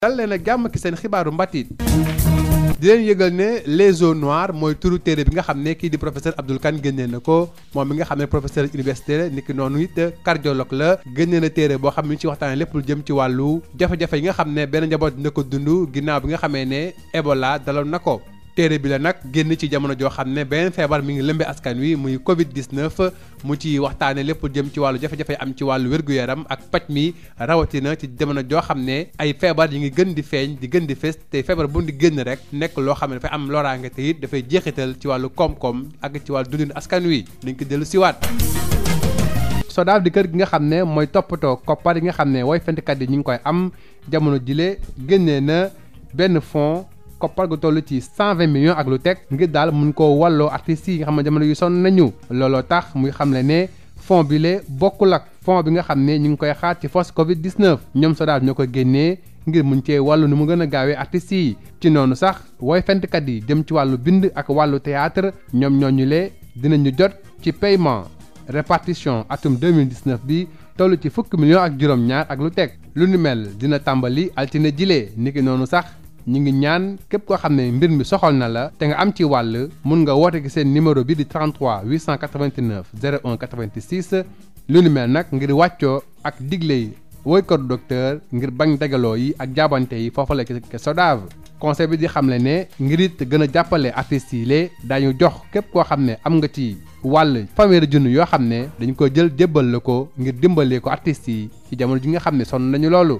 dal leen a jàmm ki seen xibaaru mbatiit di leen yëgal ne les eaux noires mooy turu téere bi nga xam ne kii di professeur Abdoul Kane génnee na ko moom mi nga xam ne professeur université la niki noonu it cardiologue la génnee na téere boo xam ne ci waxtaanee lépp lu jëm ci wàllu jafe-jafe yi nga xam ne benn njaboot na ko dund ginnaaw bi nga xamee ne Ebola daloon na ko. téere bi la nag génn ci jamono joo xam ne benn feebar mi ngi lëmbe askan wi muy Covid 19 mu ci waxtaane lépp jëm ci wàllu jafe-jafe am ci wàllu wérgu yaram ak paj mi rawatina ci jamono joo xam ne ay feebar yi ngi gën di feeñ di gën di fés te feebar bu di génn rek nekk loo xam ne dafay am loraange te it dafay jeexital ci wàllu koom-koom ak ci wàllu dundin askan wi dañ ko dellu siwaat SODAV di kër gi nga xam ne mooy toppatoo koppar yi nga xam ne way fentkat yi ñu ngi koy am jamono jile génnee na benn fonds koppar gu toll ci 120 millions ak lu teg ngir daal mun koo wàlloo artistes yi nga xam ne jamono yu sonn nañu looloo tax muy xam ne ne fond bi lee bokkul ak fond bi nga xam ne ñu ngi koy xaar ci force Covid 19 ñoom SODAV ñoo ko génnee ngir mu cee wàllu nu mu gën a gaawee artistes yi ci noonu sax wooy fentkat yi dem ci wàllu bind ak wàllu théâtre ñoom ñooñu lee dinañu jot ci paiement répartition atum 2019 bi toll ci fukki million ak juróom-ñaar ak lu teg lu ni mel dina tàmbali altine jile niki noonu sax ñu ngi ñaan képp koo xam ne mbir mi soxal na la te nga am ci wàll mun nga woote ci seen numéro bi di 33 889 01 86 lu ni mel nag ngir wàccoo ak digle yi woykatu docteur ngir bañ dagaloo yi ak jaabante yi foofu la ke SODAV conseil bi di xam ne ngir it gën a jàppale artistes yi lee daañu jox képp koo xam ne am nga ci wàll fanweeri junni yoo xam ne dañu ko jël jébbal la ko ngir dimbalee ko artistes yi ci jamono ji nga xam ne sonn nañu loolu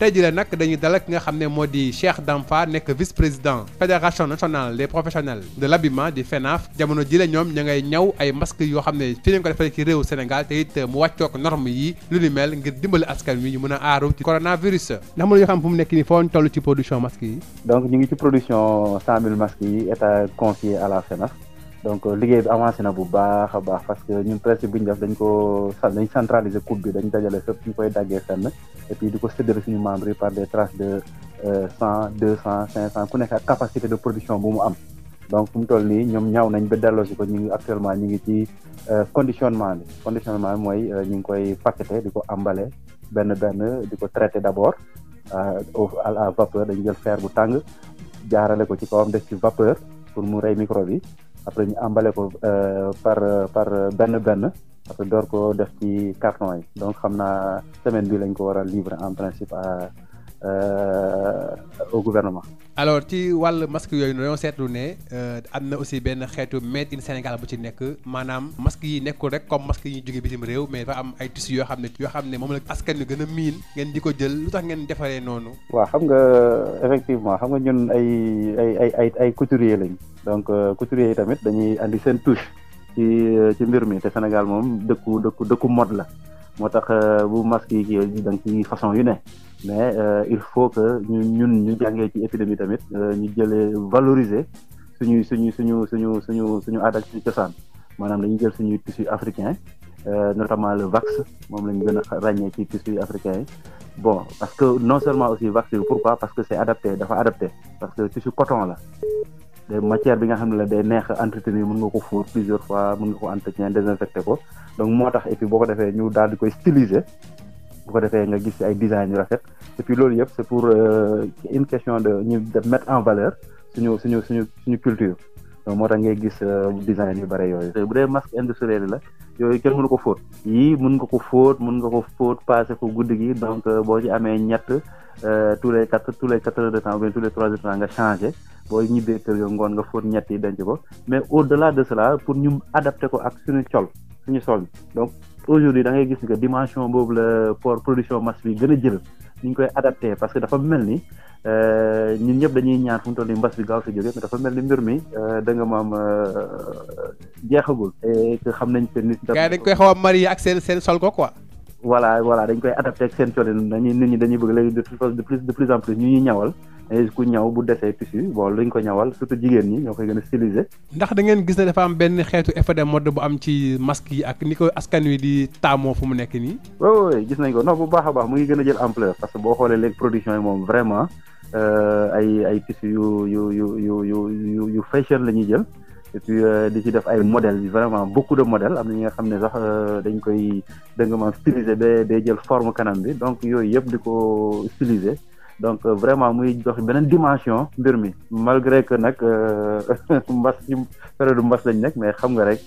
tey jii nag dañuy dalal ki nga xam ne moo di Cheikh Dampa nekk vice président fédération nationale des professionnels de l'habillement di FENAF e jamono ji la ñoom ña ngay ñaw ay masques yoo xam ne fii lañ ko ci réew Sénégal te it mu wàccook norme yi lu ni mel ngir dimbali askan wi ñu mën a aaru ci coronavirus. ndax mënuñu xam fu mu nekk nii foo toll ci production masques yi. donc ñu ngi ci production 100 000 masques yi état confié à la FENAF. E donc euh, liggéey bi avancé na bu baax a baax parce que ñu principe bi ñu def dañ ko dañ centraliser coupe bi dañ dajale fépp ñu koy daggee fenn et puis di ko séddale suñu membre yi par des tranches de euh, cent deux cent cinq cent ku nekk ak capacité de production bu am donc fu mu toll nii ñoom ñaaw nañ ba delloosi ko ñu ngi actuellement ñu ngi ci euh, conditionnement bi conditionnement bi mooy ñu ngi koy paqueté di ko emballé benn benn di ko traité d' abord à la vapeur dañ jël fer bu tàng jaarale ko ci kawam def ci vapeur pour mu rey microbe yi après ñu emballé ko euh, par par benn benn après door ko def ci carton yi donc xam naa semaine bi lañ ko war a livrer en principe à Euh, au gouvernement. alors ci wàll masque yooyu dañoo seetlu ne euh, am na aussi benn xeetu made in Sénégal bu ci nekk maanaam masque yi nekkul rek comme masque yi ñu jógee bitim réew mais dafa am ay tissus yoo xam ne yoo xam ne moom la askan wi gën a miin ngeen di ko jël lu tax ngeen defaree noonu. waaw xam nga effectivement xam nga ñun ay ay ay ay ay couturier lañ donc euh, couturier yi tamit dañuy indi seen touche ci ci mbir mi te Sénégal moom dëkku dëkku dëkku mode la moo tax bu masque yi kii da nga ci façon yu mais euh, il faut que ñu ñun ñu jàngee ci épidémie tamit euh, ñu jëlee valoriser suñu suñu suñu suñu suñu suñu aada ak suñu cosaan maanaam dañuy jël suñuy tissu africain euh, notamment le vax moom lañu gën a rañee ci tissu africain yi bon parce que non seulement aussi vax bi pourquoi parce que c'est adapté dafa adapté parce que tissu coton la de matière bi nga xam ne la day neex entretenir mun nga ko fóor plusieurs fois mën nga ko entretien désinfecté ko donc moo tax et boo ko defee ñu daal di koy styliser bu ko defee nga gis ay design yu rafet et puis loolu yëpp c'est pour euh, une question de ñu de mettre en valeur suñu suñu suñu suñu culture donc moo tax nga gis euh, design yu bare yooyu bu dee masque industriel la yooyu kenn mënu ko fóot yii mën nga ko fóot mun nga ko fóot passé ko guddi gi donc euh, boo ci amee ñett tous les quatre tous les quatre heures de temps tous les trois heures de temps nga changé boo ñibbee kër yo ngoon nga fóot ñett yi denc ko mais au delà de cela pour ñu adapté ko ak suñu aujourd'hui da ngay gis ni que dimension boobu la pour production masse bi gën a jël ñu koy adapté parce que dafa mel ni euh, ñun ñëpp dañuy ñaan fu mu mbas bi gaaw fi jóge mais dafa mel ni mbir mi euh, da nga maam euh, jeexagul. et xam nañ que nit. gars yi dañ koy xaw a ak seen seen sol ko quoi. voilà voilà dañ koy adapté ak seen coono dañuy nit ñi dañuy bëgg léegi de plus de plus en plus ñu ñuy ñawal dañuy ku ñaw bu desee tissu bon dañ ko ñawal surtout jigéen ñi ñoo koy gën a stylisé. ndax da ngeen gis ne dafa am benn xeetu effet de mode bu am ci masque yi ak ni ko askan wi di taamoo fu mu nekk nii. oui gis nañ ko non bu baax a baax mu ngi gën a jël ampleur parce que boo xoolee léegi production yi moom vraiment euh, ay ay tissu yu yu yu yu yu yu fashion la ñuy jël. et euh, di ci def ay modèles vraiment beaucoup de modèles am na ñi nga xam ne sax euh, dañ koy dëngama styliser ba day jël forme kanam bi donc yooyu yëpp di ko styliser donc euh, vraiment muy jox beneen dimension mbir mi malgré que nag mbas ci période mbas lañ nekk mais xam nga rek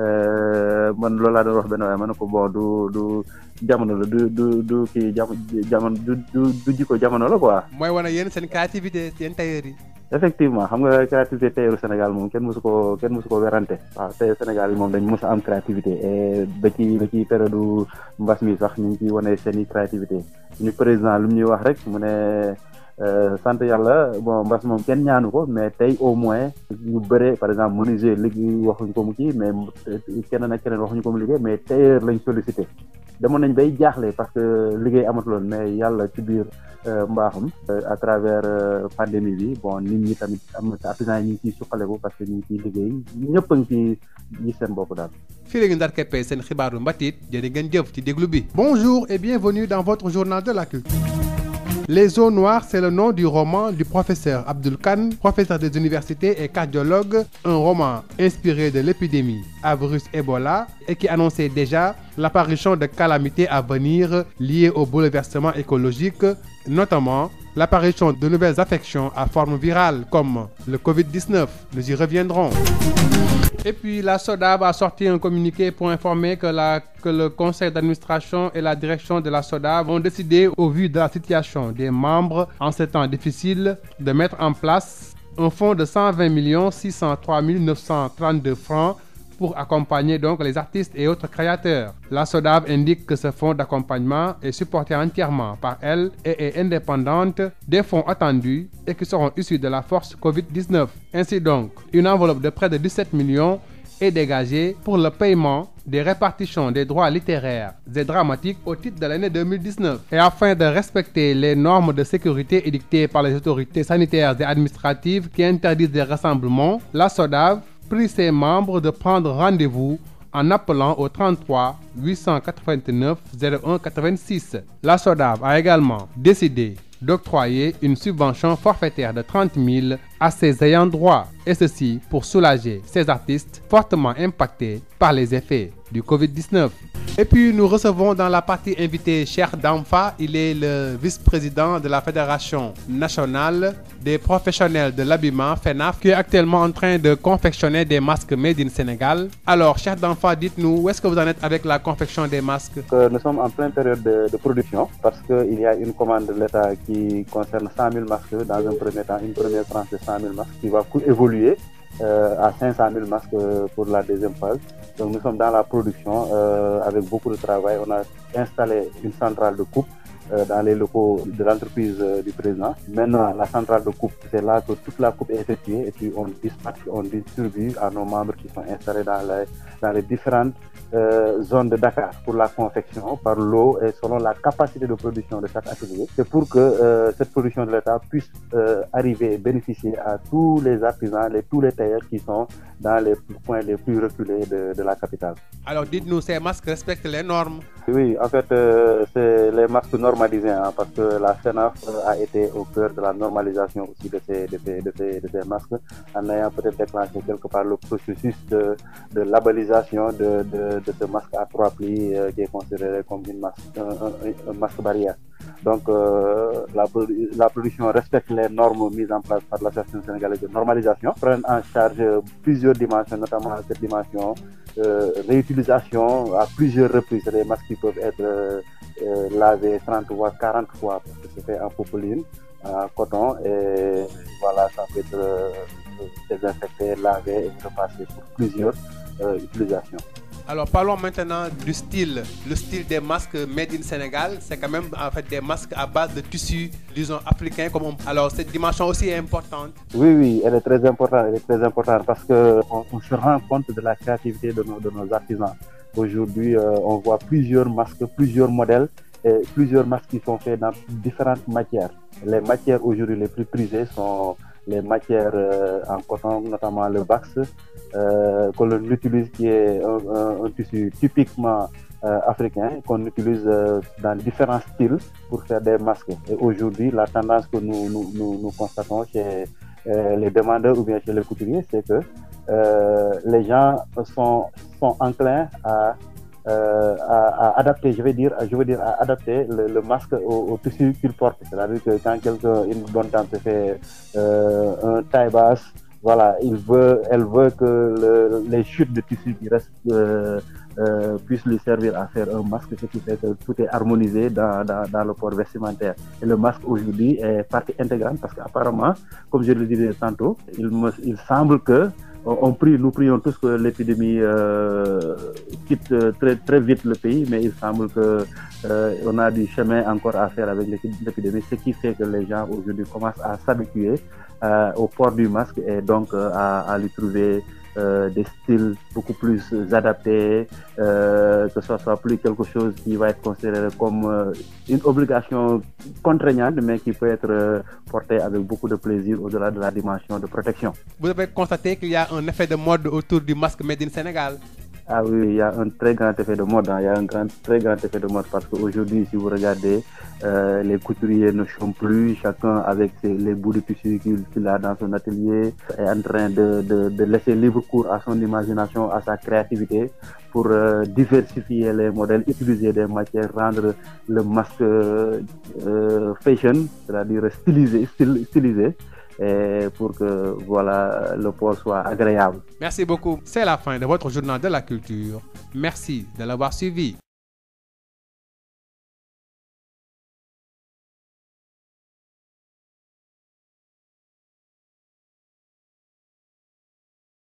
Euh, man loolu laa doon wax benn waaye ma ne ko bon du du jamono la du du du kii jamono du du du jamono la quoi. mooy wane yéen seen créativité yéen tailleur effectivement xam nga créativité tailleur Sénégal moom ken mësu ko kenn mësu ko werante waaw tailleur Sénégal yi moom dañ mës a am créativité et ba ci ba ci période mbas mi sax ñu ngi ciy wane seen i créativité suñu président lu mu wax rek mu Euh, sant yàlla bon mbas moom kenn ñaanu ko mais tey au moins ñu bëre par exemple menuisier liggéey waxuñ ko mu kii mais euh, keneen ak keneen waxuñu ko mu liggéey mais tailleur lañ sollicité demoon nañ bay jaaxle parce que liggéey amatuloon mais yàlla ci biir euh, mbaaxam à travers pandémie bi bon nit ñi tamit am na artisan yi ñu ngi ciy ko parce que ñu ngi ciy liggéey ñëpp a ngi ciy gis seen bopp daal fii léegi ndar keppee seen xibaaru mbatiit jërë ngeen jëf ci déglu bi bonjour et bienvenue dans votre Les eaux noires, c'est le nom du roman du professeur Abdul Khan, professeur des universités et cardiologue, un roman inspiré de l'épidémie à virus Ebola et qui annonçait déjà l'apparition de calamités à venir liées au bouleversement écologique, notamment l'apparition de nouvelles affections à forme virale comme le Covid-19. Nous y reviendrons. Et puis la SODAV a sorti un communiqué pour que, la, que le conseil et la direction de la SODAV ont décidé, au vu de la situation des membres en ces temps difficiles, de mettre en place un fonds de 120 603 932 francs pour accompagner donc les artistes et autres créateurs. La SODAV indique que ce fonds d'accompagnement est supporté entièrement par elle et est indépendante des fonds attendus et qui seront issus de la force Covid-19. Ainsi donc, une enveloppe de près de 17 millions est dégagée pour le paiement des répartitions des droits littéraires et dramatiques au titre de l'année 2019. Et afin de respecter les normes de sécurité édictées par les autorités sanitaires et administratives qui interdisent des rassemblements, prie ses membres de prendre rendez-vous en appelant au 33 889 01 86. La SODAV a également décidé d'octroyer une subvention forfaitaire de 30 000 à ses ayants droit, et ceci pour soulager ces artistes fortement impactés par les effets du Covid-19. Et puis nous recevons dans la partie invitée Cheikh Damfa, il est le vice-président de la Fédération nationale des professionnels de l'habillement FENAF e qui est actuellement en train de confectionner des masques made in Sénégal. Alors Cheikh Damfa, dites-nous où est-ce que vous en êtes avec la confection des masques? Euh, nous sommes en pleine période de, production parce que y a une commande de l'État qui concerne 100 000 masques dans un premier temps, une première tranche de 100 euh, euh, pour la deuxième phase. Donc nous sommes dans la production. Euh, avec beaucoup de travail, on a installé une centrale de coupe Euh, dans les locaux de l'entreprise euh, du président. Maintenant, la centrale de coupe, c'est là que toute la coupe est effectuée et puis nos membres installés dans les, différentes euh, de Dakar pour la confection par l'eau et selon la capacité de production de chaque atelier. C'est pour que euh, cette production de l'État puisse euh, arriver et bénéficier à tous les artisans, les, tous les tailleurs qui sont dans les points les plus reculés de, de la capitale. Alors dites-nous, normaliser hein, parce que la FENAF euh, a été au cœur de la normalisation aussi de ces, de ces, de de ces masques en ayant peut-être déclenché quelque part le processus de, de labellisation de, de, de ce masque à trois plis euh, qui est considéré comme une masque, masque barrière. donc euh, la, la production respecte les normes mises en place par l'association sénégalaise de normalisation, prennent en charge plusieurs dimensions, notamment cette dimension euh, réutilisation à plusieurs reprises. Les masques qui peuvent être euh, euh lavés 30 voire 40 fois parce que c'est fait en popeline, en coton et voilà, ça peut être euh, désinfecté, lavé et repassé pour plusieurs euh, utilisations. Alors parlons maintenant du style, le style des masques made in Sénégal, c'est quand même en fait des masques à base de tissu, disons africain comme on... Alors cette dimension aussi est importante. parce que on, on se rend compte de la créativité de nos de nos artisans. Aujourd'hui, euh, on voit plusieurs masques, plusieurs modèles et plusieurs masques qui sont différentes matières. Les matières aujourd'hui les plus prisées sont les matières euh, en coton, notamment le vax, euh, que l'on utilise qui est un, tissu typiquement euh, africain qu'on utilise dans différents styles pour faire des masques. Et aujourd'hui, la tendance que nous, constatons chez les demandeurs ou bien chez les couturiers, c'est que les gens sont, sont enclins à euh, à, à, adapter, le, le masque au, tissu qu'il porte. C'est-à-dire que quand quelqu'un, une bonne tante fait euh, un taille basse, voilà, il veut, que les chutes de tissu qui restent euh, euh, puissent lui servir à faire un masque, ce qui fait que tout est harmonisé dans, le port vestimentaire. Et le masque aujourd'hui est partie intégrante parce qu'apparemment, comme je le disais tantôt, il, il semble que on prie, nous prions tous que l'épidémie euh, quitte euh, très, très vite le pays, mais il semble que euh, on a du chemin encore à faire avec l'épidémie, ce qui fait que les gens aujourd'hui commencent à s'habituer euh, au port du masque et donc euh, à, à lui trouver Euh, des styles beaucoup plus adaptés, euh, que ce soit plus quelque chose qui va être considéré comme euh, une obligation contraignante, mais qui peut être portée avec beaucoup de plaisir au-delà de la dimension de protection. Vous avez constaté qu'il y a un effet de mode autour du masque Made Sénégal Ah oui, il y a un très grand effet de mode, hein. Il y a un grand, très grand effet de mode parce qu'aujourd'hui, si vous regardez, euh, les couturiers ne sont plus, chacun avec ses, les bouts de tissu qu'il qu a dans son atelier, est en train de, de, de, laisser libre cours à son imagination, à sa créativité pour euh, diversifier les modèles, utiliser des matières, rendre le masque euh, fashion, c'est-à-dire stylisé, stylisé et pour que voilà, le port soit agréable. Merci beaucoup. C'est la fin de votre journal de la culture. Merci de l'avoir suivi.